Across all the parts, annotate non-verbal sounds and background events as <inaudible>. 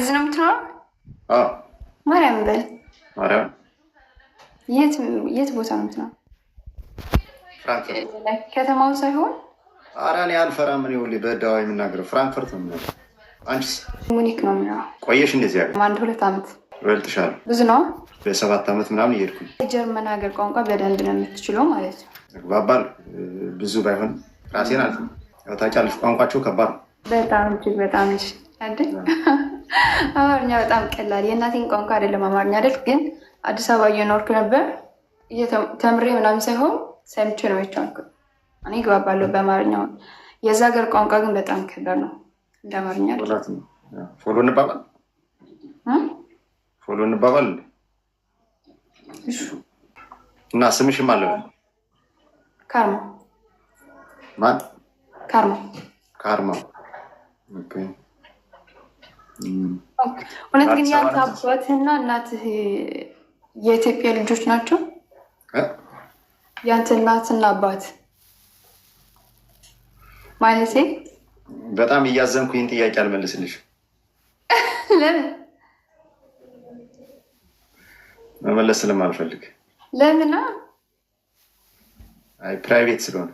እዚህ ነው የምትኖረው? ማርያም በል። ማርያም የት ቦታ ነው የምትኖረው? ከተማው ሳይሆን ኧረ እኔ አልፈራም። እኔ ሁሌ በዳዋ የምናገረው ፍራንክፈርት ነው የምኖረው። አንቺስ? ሙኒክ ነው የምኖረው። ቆየሽ እንደዚህ ያለ አንድ ሁለት ዓመት ይበልጥሻል። ብዙ ነው። በሰባት ዓመት ምናምን እየሄድኩኝ። የጀርመን ሀገር ቋንቋ በደንብ ነው የምትችለው ማለት ነው? ግባባል ብዙ ባይሆን ራሴን አልፍ ታውቂያለሽ። ቋንቋቸው ከባድ ነው በጣም እጅግ በጣም አማርኛ በጣም ቀላል የእናቴን ቋንቋ አይደለም አማርኛ አይደል? ግን አዲስ አበባ እየኖርኩ ነበር ተምሬ ምናምን ሳይሆን ሰምቼ ነው የቻልኩ። እኔ ግባባለሁ በአማርኛ። የዛ ሀገር ቋንቋ ግን በጣም ከባድ ነው። እንደ አማርኛ ፎሎ እንባባል ፎሎ እንባባል እና ስምሽ ማለ ካርማ ማን ካርማ ካርማ እውነት ግን ያንተ አባትህና እናትህ የኢትዮጵያ ልጆች ናቸው? ያንተ እናትና አባት ማለት በጣም እያዘንኩ ይህን ጥያቄ አልመልስልሽ። <laughs> ለምን መመለስ ስለማልፈልግ። ለምና? አይ ፕራይቬት ስለሆነ።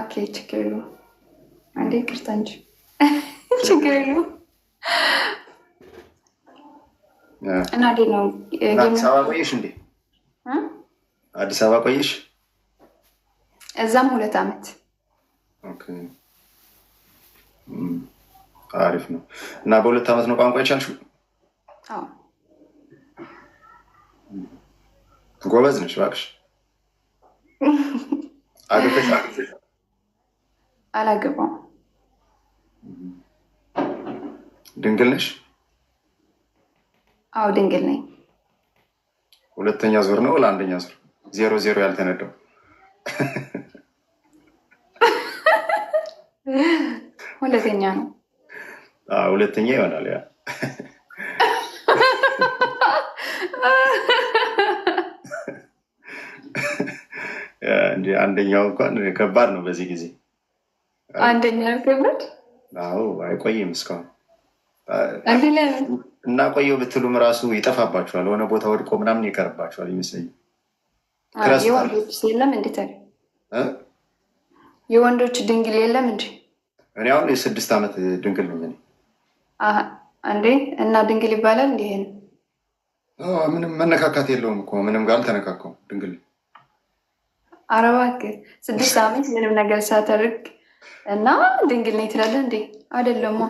ኦኬ ችግር የለውም። አንዴ ይቅርታ እንጂ <laughs> ችግር የለውም። እና እንዴት ነው አዲስ አበባ ቆየሽ እንዴ? አዲስ አበባ ቆየሽ? እዛም ሁለት ዓመት አሪፍ ነው። እና በሁለት ዓመት ነው ቋንቋ የቻልሽው? ጎበዝ ነሽ እባክሽ። አግብተሽ አላገባም ድንግል ነሽ? አዎ ድንግል ነኝ። ሁለተኛ ዙር ነው ለአንደኛ ዙር ዜሮ ዜሮ ያልተነዳው <laughs> ሁለተኛ ነው። ሁለተኛ ይሆናል። ያ <laughs> አንደኛው እንኳን ከባድ ነው በዚህ ጊዜ አንደኛ ከባድ አዎ አይቆይም። እስካሁን እና ቆየው ብትሉም ራሱ ይጠፋባችኋል። ሆነ ቦታ ወድቆ ምናምን ይቀርባችኋል ይመስለኝ። የወንዶች የለም እንዴት የወንዶች ድንግል የለም እንዴ? እኔ አሁን የስድስት ዓመት ድንግል ነኝ እንዴ። እና ድንግል ይባላል እንዲህ ምንም መነካካት የለውም እኮ ምንም ጋር አልተነካካውም ድንግል። ኧረ እባክህ ስድስት ዓመት ምንም ነገር ሳታደርግ እና ድንግል ነኝ ትላለህ እንዴ? አይደለማ።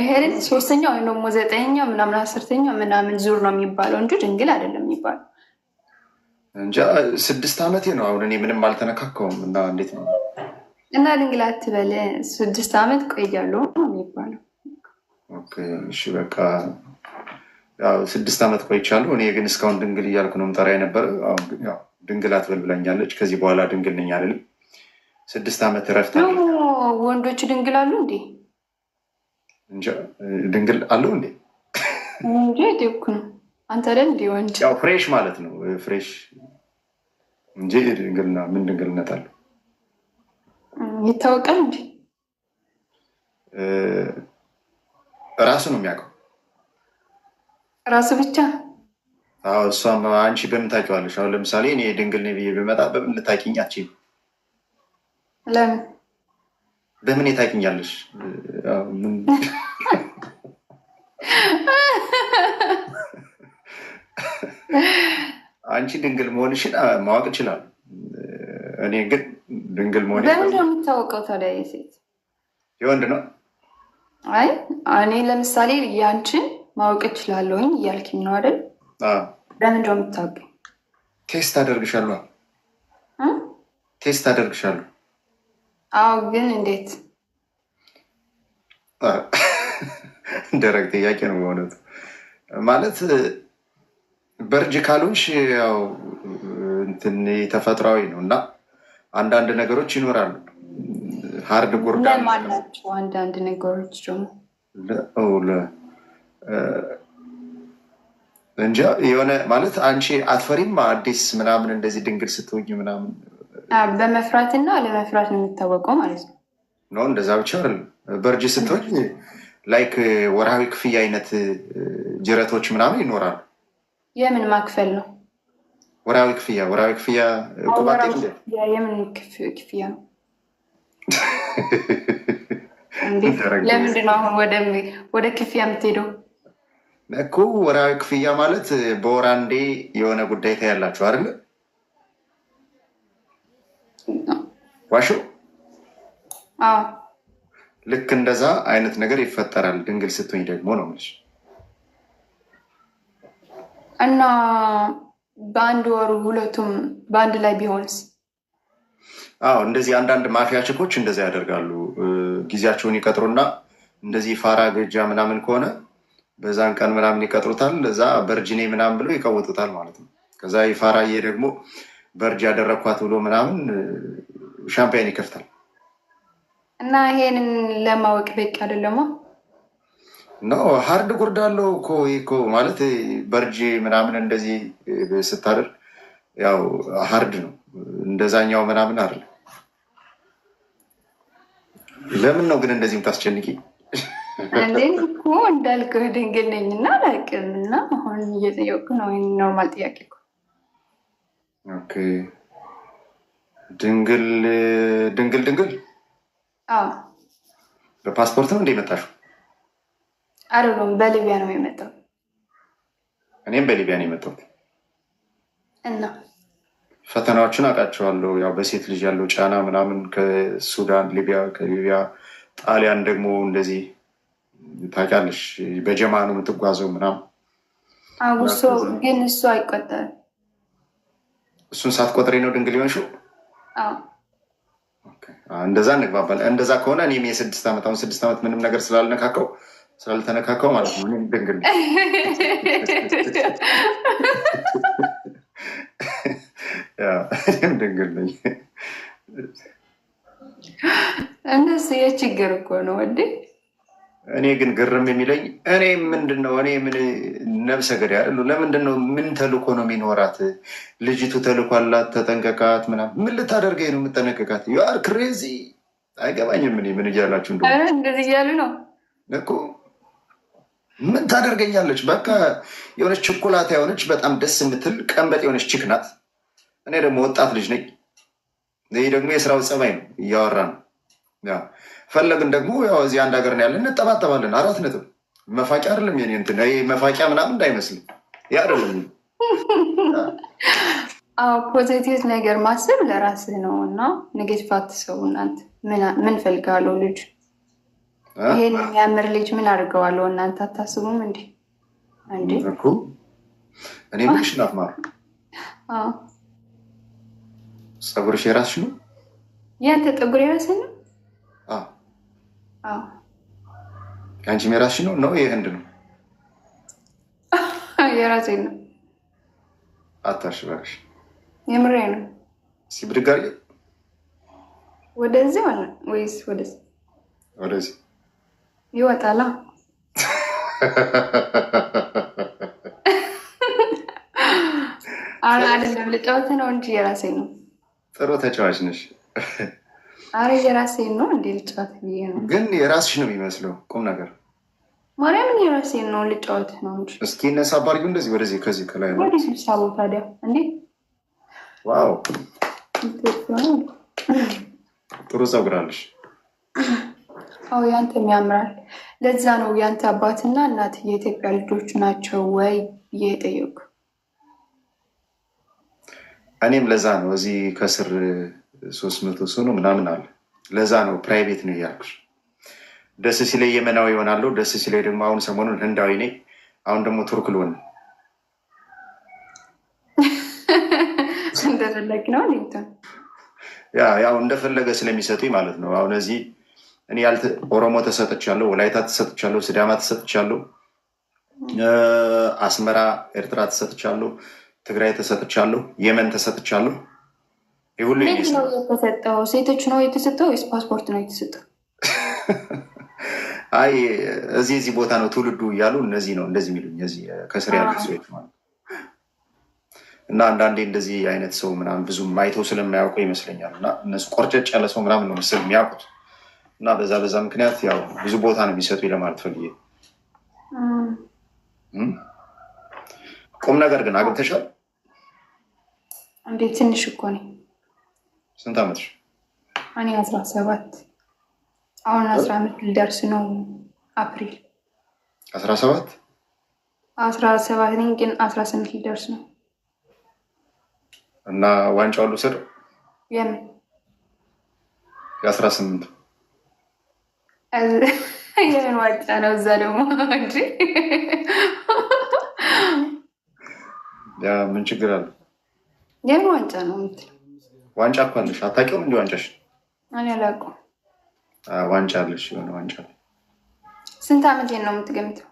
ይሄን ሶስተኛ ወይም ደግሞ ዘጠኛ ምናምን አስርተኛ ምናምን ዙር ነው የሚባለው እንጂ ድንግል አይደለም የሚባለው። እንጃ ስድስት ዓመቴ ነው አሁን እኔ ምንም አልተነካከውም። እና እንዴት ነው እና ድንግል አትበል። ስድስት ዓመት ቆያለሁ ነው የሚባለው። እሺ በቃ ስድስት ዓመት ቆይቻለሁ። እኔ ግን እስካሁን ድንግል እያልኩ ነው የምጠራ የነበረ። ድንግል አትበል ብላኛለች። ከዚህ በኋላ ድንግል ነኝ አልልም። ስድስት ዓመት እረፍት ወንዶች ድንግል አሉ እንዴ? ድንግል አሉ እንዴ? እንጂ አንተ ደን እንዲ ወንድ ያው ፍሬሽ ማለት ነው ፍሬሽ እንጂ ድንግልና ምን ድንግልነት አለ? ይታወቃል እንዲ ራሱ ነው የሚያውቀው። ራሱ ብቻ እሷም አንቺ በምን ታውቂዋለሽ? አሁን ለምሳሌ እኔ ድንግል ብዬ ብመጣ በምን ልታውቂኝ አትችይም። ለምን በምን ታውቂኛለሽ? አንቺ ድንግል መሆንሽን ማወቅ ይችላል። እኔ ግን ድንግል መሆን በምን ነው የምታወቀው? ታዲያ የሴት የወንድ ነው። አይ እኔ ለምሳሌ ያንቺን ማወቅ እችላለሁኝ እያልኪኝ ነው አይደል? በምን ነው የምታወቀው? ቴስት አደርግሻለሁ፣ ቴስት አደርግሻለሁ አዎ፣ ግን እንዴት ደረግ ጥያቄ ነው በእውነቱ። ማለት በእርጅ ካልሆንሽ ያው እንትን ተፈጥሯዊ ነው እና አንዳንድ ነገሮች ይኖራሉ። ሀርድ ጎርዳ አንዳንድ ነገሮች ደግሞ የሆነ ማለት አንቺ አትፈሪም አዲስ ምናምን እንደዚህ ድንግል ስትሆኝ ምናምን በመፍራትና አለመፍራት ነው የሚታወቀው ማለት ነው። ኖ እንደዛ ብቻ አይደለም። በእርጅ ስትሆን ላይክ ወርሃዊ ክፍያ አይነት ጅረቶች ምናምን ይኖራሉ። የምን ማክፈል ነው? ወርሃዊ ክፍያ ወርሃዊ ክፍያ ቁባት የምን ክፍያ <laughs> ነው? ለምንድን ነው አሁን ወደ ክፍያ የምትሄደው? እኮ ወርሃዊ ክፍያ ማለት በወር አንዴ የሆነ ጉዳይ ታያላችሁ አይደለ? ዋሹ። ልክ እንደዛ አይነት ነገር ይፈጠራል ድንግል ስትሆኝ ደግሞ ነው የምልሽ። እና በአንድ ወሩ ሁለቱም በአንድ ላይ ቢሆንስ? አዎ እንደዚህ አንዳንድ ማፊያ ችኮች እንደዛ ያደርጋሉ። ጊዜያቸውን ይቀጥሩና እንደዚህ ፋራ ገጃ ምናምን ከሆነ በዛን ቀን ምናምን ይቀጥሩታል። እዛ በርጅኔ ምናምን ብሎ ይቀውጡታል ማለት ነው። ከዛ የፋራዬ ደግሞ በርጅ ያደረግኳት ብሎ ምናምን ሻምፒያን ይከፍታል። እና ይሄንን ለማወቅ በቂ አደለሞ? ኖ ሀርድ ጉርድ አለው እኮ እኮ ማለት በርጅ ምናምን እንደዚህ ስታደር ያው ሀርድ ነው እንደዛኛው ምናምን አለ። ለምን ነው ግን እንደዚህ የምታስጨንቂ? እንዴት እኮ እንዳልክ ድንግል ነኝ እና አላውቅም እና አሁን እየጠየቅኩ ነው። ኖርማል ጥያቄ ኦኬ ድንግል ድንግል ድንግል በፓስፖርት ነው እንደ የመጣሽው? አረም በሊቢያ ነው የመጣው። እኔም በሊቢያ ነው የመጣው እና ፈተናዎችን አውቃቸዋለሁ። ያው በሴት ልጅ ያለው ጫና ምናምን ከሱዳን ሊቢያ፣ ከሊቢያ ጣሊያን ደግሞ እንደዚህ ታውቂያለሽ፣ በጀማ ነው የምትጓዘው ምናምን። ግን እሱ አይቆጠርም። እሱን ሳትቆጥሬ ነው ድንግል ሊሆንሽው እንደዛ እንግባባል። እንደዛ ከሆነ እኔም የስድስት ዓመት አሁን ስድስት ዓመት ምንም ነገር ስላልነካከው ስላልተነካከው ማለት ነው። ድንግል ድንግል ነኝ። እነሱ የችግር እኮ ነው ወንዴ እኔ ግን ግርም የሚለኝ እኔ ምንድነው እኔ ምን ነብሰ ገዳ ያሉ ለምንድነው ምን ተልኮ ነው የሚኖራት ልጅቱ? ተልኮ አላት፣ ተጠንቀቃት ምናምን። ምን ልታደርገኝ ነው የምጠነቀቃት? ዩአር ክሬዚ። አይገባኝም። ምን ምን እያላችሁ እንደዚህ እያሉ ነው እኮ ምን ታደርገኛለች? በቃ የሆነች ችኩላታ የሆነች በጣም ደስ የምትል ቀንበጥ የሆነች ችክ ናት። እኔ ደግሞ ወጣት ልጅ ነኝ። ይህ ደግሞ የስራው ጸባይ ነው። እያወራ ነው ፈለግን ደግሞ ያው እዚህ አንድ ሀገር ነው ያለን፣ እንጠባጠባለን። አራት ነጥብ መፋቂያ አይደለም። የኔ እንትን መፋቂያ ምናምን እንዳይመስልም ያ አይደለም። <laughs> ፖዘቲቭ ነገር ማሰብ ለራስህ ነው እና ኔጌቲቭ አትሰቡ። እናንተ ምን ፈልጋለሁ ልጅ ይህን የሚያምር ልጅ ምን አድርገዋለሁ? እናንተ አታስቡም እንዴ? እኔ ምንሽ ናት ማር ፀጉርሽ የራስሽ ነው? ያንተ ጠጉር የራስህ ነው? አንቺ የራስሽ ነው ነው? የህንድ ነው? የራሴ ነው። አታሽ እባክሽ፣ የምሬ ነው። እስኪ ብድግ አድርጊ። ወደዚህ ሆነ ወይስ ወደዚህ? ወደዚህ ይወጣላ። አሁን አይደለም ልጫወት ነው እንጂ የራሴ ነው። ጥሩ ተጫዋች ነሽ። አረ የራሴን ነው እንዴ ልጫወት ብዬ ነው። ግን የራስሽ ነው የሚመስለው ቁም ነገር ማርያምን የራሴን ነው ልጫወት ነው እንጂ እስኪ እነሳ ባርጊ እንደዚህ ወደዚህ ከዚህ ከላይ ነው ወደ ስብሳቡ ታዲያ እንዴ ዋው ጥሩ ፀጉር አለሽ። አዎ ያንተም ያምራል። ለዛ ነው ያንተ አባትና እናት የኢትዮጵያ ልጆች ናቸው ወይ ብዬ እኔም ለዛ ነው እዚህ ከስር ሶስት መቶ ሰው ነው ምናምን አለ። ለዛ ነው ፕራይቬት ነው እያልኩሽ። ደስ ሲለኝ የመናዊ ይሆናለሁ። ደስ ሲለኝ ደግሞ አሁን ሰሞኑን ህንዳዊ ነኝ። አሁን ደግሞ ቱርክ ልሆን እንደፈለግ ነው <laughs> ያው እንደፈለገ ስለሚሰጡኝ ማለት ነው። አሁን እዚህ እኔ ኦሮሞ ተሰጥቻለሁ፣ ወላይታ ተሰጥቻለሁ፣ ስዳማ ተሰጥቻለሁ፣ አስመራ ኤርትራ ተሰጥቻለሁ፣ ትግራይ ተሰጥቻለሁ፣ የመን ተሰጥቻለሁ። ነው የተሰጠው። ሴቶች ነው የተሰጠው ወይስ ፓስፖርት ነው የተሰጠው? <laughs> አይ እዚህ እዚህ ቦታ ነው ትውልዱ እያሉ እነዚህ ነው እንደዚህ የሚሉኝ እዚህ ከስር ያሉ ሰዎች ማለት እና አንዳንዴ እንደዚህ አይነት ሰው ምናምን ብዙም አይተው ስለማያውቁ ይመስለኛል። እና እነሱ ቆርጨጭ ያለ ሰው ምናምን ነው የሚያውቁት እና በዛ በዛ ምክንያት ያው ብዙ ቦታ ነው የሚሰጡ ለማለት ፈልጌ። ቁም ነገር ግን አግብተሻል እንዴ? ትንሽ እኮ ነኝ ስንት ዓመትሽ? እኔ አስራ ሰባት አሁን አስራ አምስት ልደርስ ነው አፕሪል። አስራ ሰባት አስራ ሰባት ነኝ ግን አስራ ስምንት ልደርስ ነው። እና ዋንጫ አሉ ስር የምን የአስራ ስምንት <laughs> የምን ዋንጫ ነው? እዛ ደግሞ እንጂ ምን ችግር አለ? የምን ዋንጫ ነው የምትለው ዋንጫ እኮ አለሽ። አታውቂውም? እንዲ ዋንጫሽ ዋንጫ አለሽ። የሆነ ዋንጫ ስንት ዓመቴን ነው የምትገምተው?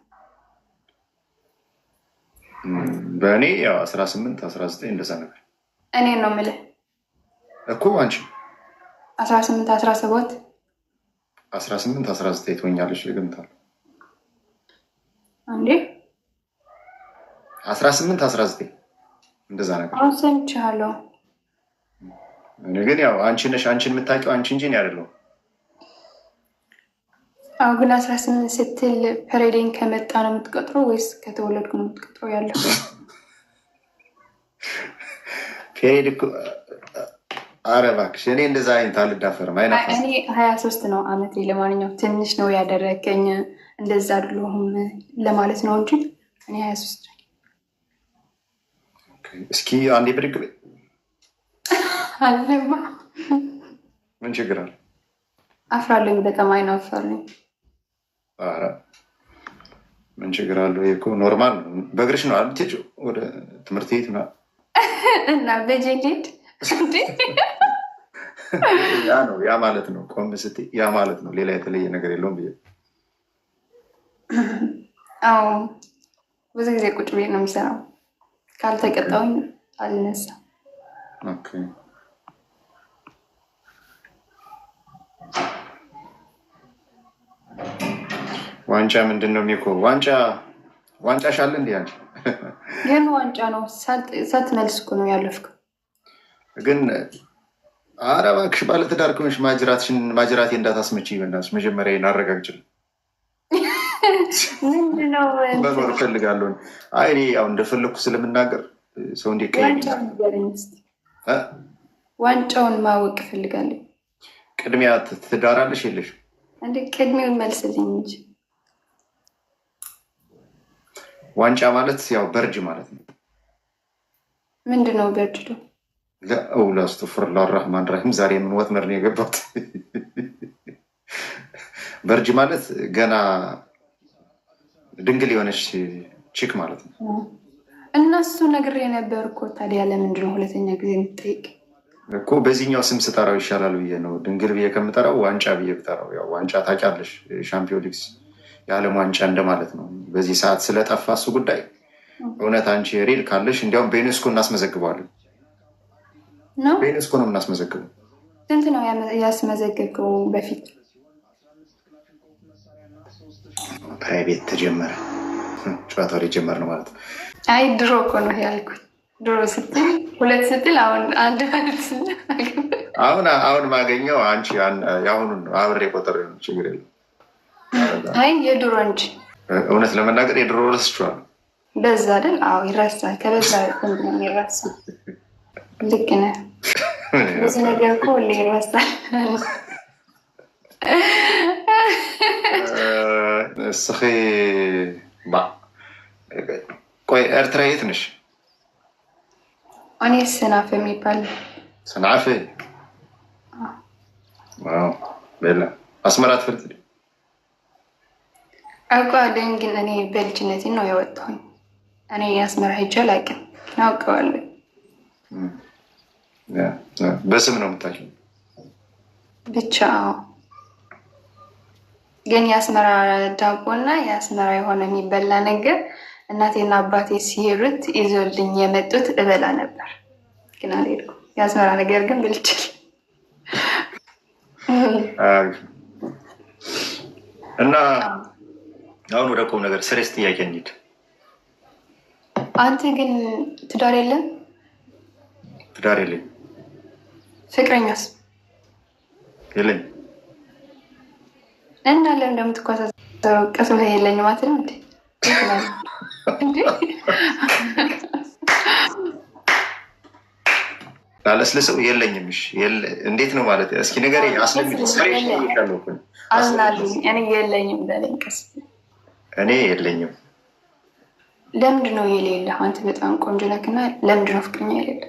በእኔ ያው አስራ ስምንት አስራ ዘጠኝ እንደዛ ነገር። እኔን ነው የምልህ እኮ አንቺ አስራ ስምንት አስራ ሰባት አስራ ስምንት አስራ ዘጠኝ ትሆኛለሽ ልገምታለሁ። እንዴ አስራ ስምንት አስራ ዘጠኝ እንደዛ ነገር አሁን ሰምቻለሁ። ግን ያው አንቺ ነሽ አንቺን የምታውቂው አንቺ እንጂ ያደለው አሁ ግን አስራ ስምንት ስትል ፐሬዴን ከመጣ ነው የምትቀጥሮ ወይስ ከተወለድኩ ነው የምትቆጥረው? ያለው ፔሬድ <laughs> ኧረ እባክሽ እኔ እንደዛ አይነት አልዳፈርም። አይ እኔ ሀያ ሶስት ነው አመት። ለማንኛውም ትንሽ ነው ያደረገኝ እንደዛ አይደለሁም ለማለት ነው እንጂ እኔ ሀያ ሶስት እስኪ አንዴ ብድግ አለማ ምን ችግር አለ? አፍራለኝ፣ በጣም አይን አፍራለኝ። ኧረ ምን ችግር አለው? ይሄ እኮ ኖርማል ነው። በእግርሽ ነው ወደ ትምህርት ቤት እና ያ ነው ያ ማለት ነው። ቆም ስትይ ያ ማለት ነው። ሌላ የተለየ ነገር የለውም ብዬ አዎ ብዙ ጊዜ ቁጭ ብዬ ነው የሚሰራው። ካልተቀጣውኝ አልነሳም። ዋንጫ ምንድን ነው ሚኮ? ዋንጫ ዋንጫ ሻለ እንዲ ያን ግን ዋንጫ ነው ሳትመልስ እኮ ነው ያለፍከው። ግን ኧረ እባክሽ ባለትዳር ከሆንሽ ማጅራቴ እንዳታስመች ይበናስ መጀመሪያ እናረጋግጭል መኖር እፈልጋለሁ። አይ እኔ ያው እንደፈለግኩ ስለምናገር ሰው እንዲ ዋንጫውን ማወቅ እፈልጋለሁ። ቅድሚያ ትዳራለሽ የለሽ? ቅድሚውን መልስልኝ እንጂ ዋንጫ ማለት ያው በርጅ ማለት ነው። ምንድን ነው በርጅ? ደ ለአውላ ስተፍርላ ራህማን ራሂም ዛሬ የምን ወጥመድ ነው የገባት? በርጅ ማለት ገና ድንግል የሆነች ቺክ ማለት ነው። እነሱ ነገር የነበር እኮ ታዲያ ለምንድነው ሁለተኛ ጊዜ የምትጠይቅ እኮ? በዚህኛው ስም ስጠራው ይሻላል ብዬ ነው። ድንግል ብዬ ከምጠራው ዋንጫ ብዬ ብጠራው፣ ያው ዋንጫ ታውቂያለሽ፣ ሻምፒዮን ሊግስ የዓለም ዋንጫ እንደማለት ነው። በዚህ ሰዓት ስለጠፋ እሱ ጉዳይ እውነት አንቺ ሪል ካለሽ እንዲያውም በዩኔስኮ እናስመዘግበዋለን። በዩኔስኮ ነው የምናስመዘግበው። ስንት ነው ያስመዘግበው? በፊት ፕራይቬት ተጀመረ hm፣ ጨዋታ ላይ ጀመር ነው ማለት ነው። አይ ድሮ እኮ ነው ያልኩት። ድሮ ስትል ሁለት ስትል አሁን አንድ አሁን አሁን ማገኘው አንቺ የአሁኑን አብሬ ቆጠር ችግር የለም አይ የድሮ እንጂ እውነት ለመናገር የድሮ ረስቼዋለሁ። በዛ አይደል? አዎ ይረሳል። ከበዛ የሚረሳ ልክ ነህ። ብዙ ነገር እኮ ሁሌ ይረሳል። እስኪ ቆይ ኤርትራ የት ነሽ? እኔ ሰናፈ የሚባል ሰናፈ አስመራ ትፈልጥ አውቀዋለኝ ግን እኔ በልጅነቴ ነው ያወጣሁኝ። እኔ አስመራ ሄጄ አላውቅም፣ ግን አውቀዋለሁ። በስም ነው የምታውቂው? ብቻ ግን የአስመራ ዳቦ እና የአስመራ የሆነ የሚበላ ነገር እናቴና አባቴ ሲሄዱት ይዞልኝ የመጡት እበላ ነበር፣ ግን አልሄድኩም። የአስመራ ነገር ግን ብልችል እና አሁን ወደ ቁም ነገር ስሬስ ጥያቄ እንሂድ። አንተ ግን ትዳር የለም? ትዳር የለኝ። ፍቅረኛስ? የለኝ። እና እንዳለ እንደምትኳሳሰው ቀስ ብለህ የለኝ ማለት ነው እንዴ? አለስልሰው የለኝም። እንዴት ነው ማለት እስኪ ነገር አስለምድ። አዝናልኝ እኔ የለኝም በለኝ ቀስ እኔ የለኝም። ለምንድ ነው የሌለ? አንተ በጣም ቆንጆ ነህ እና ነው ፍቅረኛ የሌለ?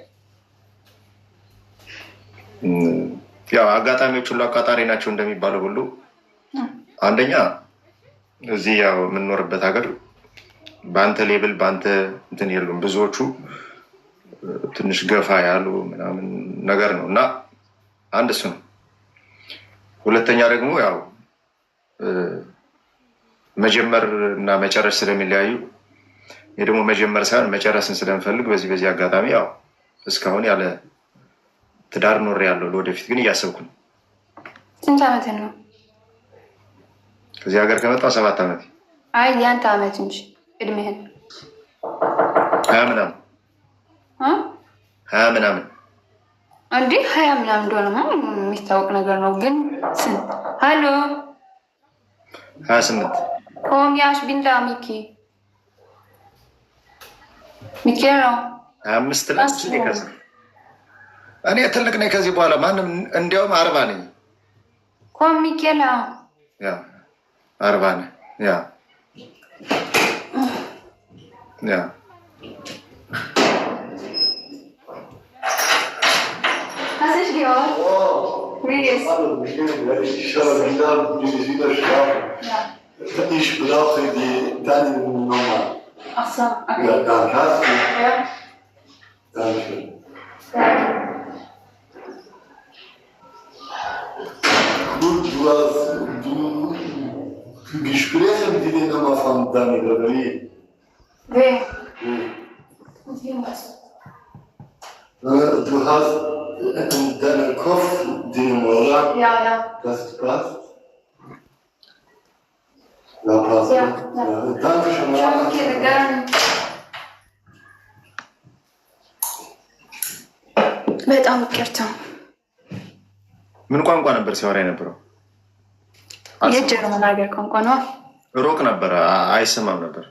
ያው አጋጣሚዎች ሁሉ አቃጣሪ ናቸው እንደሚባለው ሁሉ አንደኛ እዚህ ያው የምንኖርበት ሀገር በአንተ ሌብል በአንተ እንትን የሉም ብዙዎቹ ትንሽ ገፋ ያሉ ምናምን ነገር ነው እና አንድ እሱ ነው። ሁለተኛ ደግሞ ያው መጀመር እና መጨረስ ስለሚለያዩ ይህ ደግሞ መጀመር ሳይሆን መጨረስን ስለምፈልግ በዚህ በዚህ አጋጣሚ ያው እስካሁን ያለ ትዳር ኖር ያለው ለወደፊት ግን እያሰብኩ ነው። ስንት ዓመት ነው ከዚህ ሀገር ከመጣው ሰባት ዓመት። አይ ያንተ ዓመት እንጂ እድሜህን ሀያ ምናምን ሀያ ምናምን እንዲህ ሀያ ምናምን እንደሆነማ የሚታወቅ ነገር ነው። ግን ስንት ሀሎ ሀያ ስምንት Combien bin ዳሚኪ ሚኬል ነው። አምስት ነች እኔ ከዚ እኔ ትልቅ ነኝ። ከዚህ በኋላ ማንም እንዲያውም አርባ ነኝ። ኮም ሚኬል አርባ ነኝ። ያ ያ Yes. Ich brauche die, deine Nummer. Ach so, okay. Ja, dann hast du. Ja. Danke. Danke. Gut, du hast du, hm. du mit der Nummer von Daniel oder wie? Wie? Und wie was? Du hast in äh, deinem Kopf die Nummer, oder? Ja, ja. Das passt. Zapraszam. Ja, e, tak. Także mam... Członkiem Gan. በጣም ይቅርታ። ምን ቋንቋ ነበር ሲያወራ የነበረው? የጀርመን ሀገር ቋንቋ ነው። ሩቅ ነበረ፣ አይሰማም ነበር።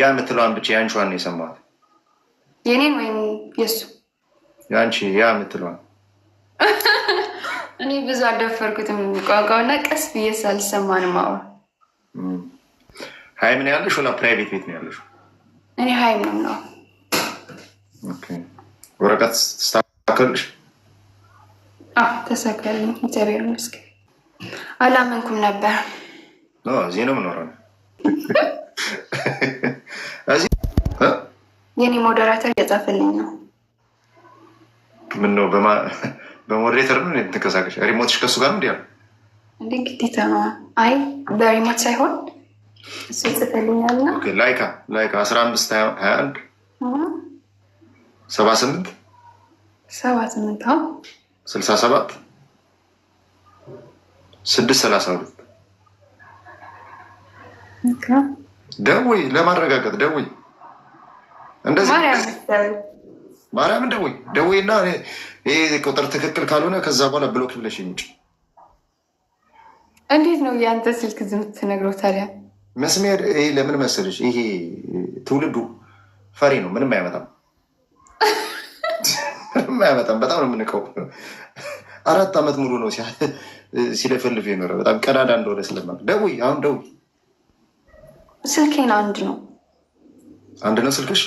ያ የምትለዋን ብቻ የአንቺዋን ነው የሰማሁት። የኔን ወይም የሱ? የአንቺ ያ የምትለዋን እኔ ብዙ አዳፈርኩትም ቋንቋውና ቀስ ብዬ ሳልሰማንም አዎ ሀይም ነው ያለሽ ወላ ፕራይቬት ቤት ነው ያለሽ? እኔ ሀይም ነው ነው ወረቀት ስታከልሽ ተሳካልኝ፣ እግዚአብሔር ይመስገን። አላመንኩም ነበር። እዚህ ነው ምኖረ የኔ ሞዴራተር እየጻፈልኝ ነው። ምን ምነው በሞዴሬተር ነው የምትንቀሳቀሽ? ሪሞትሽ ከሱ ጋር ነው እንዲ ያሉ እንደ ግዴታ ነው። አይ በሪሞት ሳይሆን እሱ ይጽፈልኛል። ላይካ ላይካ አስራ አምስት ሀያ አንድ ሰባ ስምንት ሰባ ስምንት አሁን ስልሳ ሰባት ስድስት ሰላሳ ሁለት ደውይ፣ ለማረጋገጥ ደውይ እንደዚህ ማርያምን ደውይ ደውይና ይህ ቁጥር ትክክል ካልሆነ ከዛ በኋላ ብሎክ ብለሽ ውጭ። እንዴት ነው የአንተ ስልክ ዝም ትነግረው ታዲያ? መስሜር ይሄ ለምን መሰለሽ፣ ይሄ ትውልዱ ፈሪ ነው። ምንም አይመጣም፣ ምንም አይመጣም። በጣም ነው የምንቀው። አራት ዓመት ሙሉ ነው ሲለፈልፍ የኖረ በጣም ቀዳዳ እንደሆነ ስለማ ደውይ አሁን ደውይ። ስልኬን አንድ ነው አንድ ነው ስልክሽ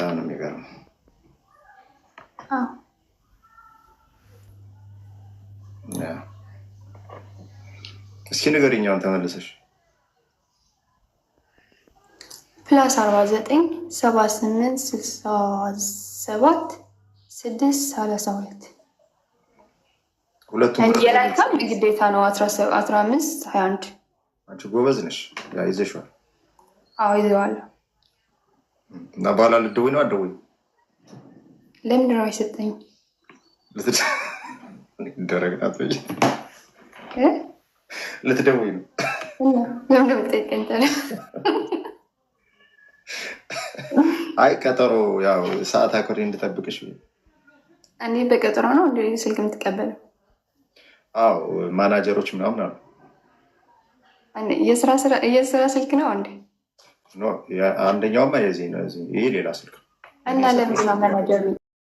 በጣም ነው የሚገርመው። እስኪ ንገሪኛውን ተመልሰሽ ፕላስ አርባ ዘጠኝ ሰባ ስምንት ስልሳ ሰባት ስድስት ሰላሳ ሁለት ሁለቱም ግዴታ ነው። አስራ አምስት ሀያ አንድ አንቺ ጎበዝ ነሽ፣ ይዘሽዋል። አዎ ይዘዋለሁ። እና በኋላ ልደውይ ነው አደውይ ለምንድን ነው አይሰጠኝ? ልትደረግናት ልትደውይ ነው ለምንድን አይ ቀጠሮ ያው ሰዓት አክብሬ እንድጠብቅሽ እኔ በቀጠሮ ነው እንደ ስልክ የምትቀበለው? አዎ ማናጀሮች ምናምን አሉ። የስራ ስልክ ነው እንዴ? አንደኛውማ የዚህ ነው። ይሄ ሌላ ስልክ እና ለምንድን ነው መናጀር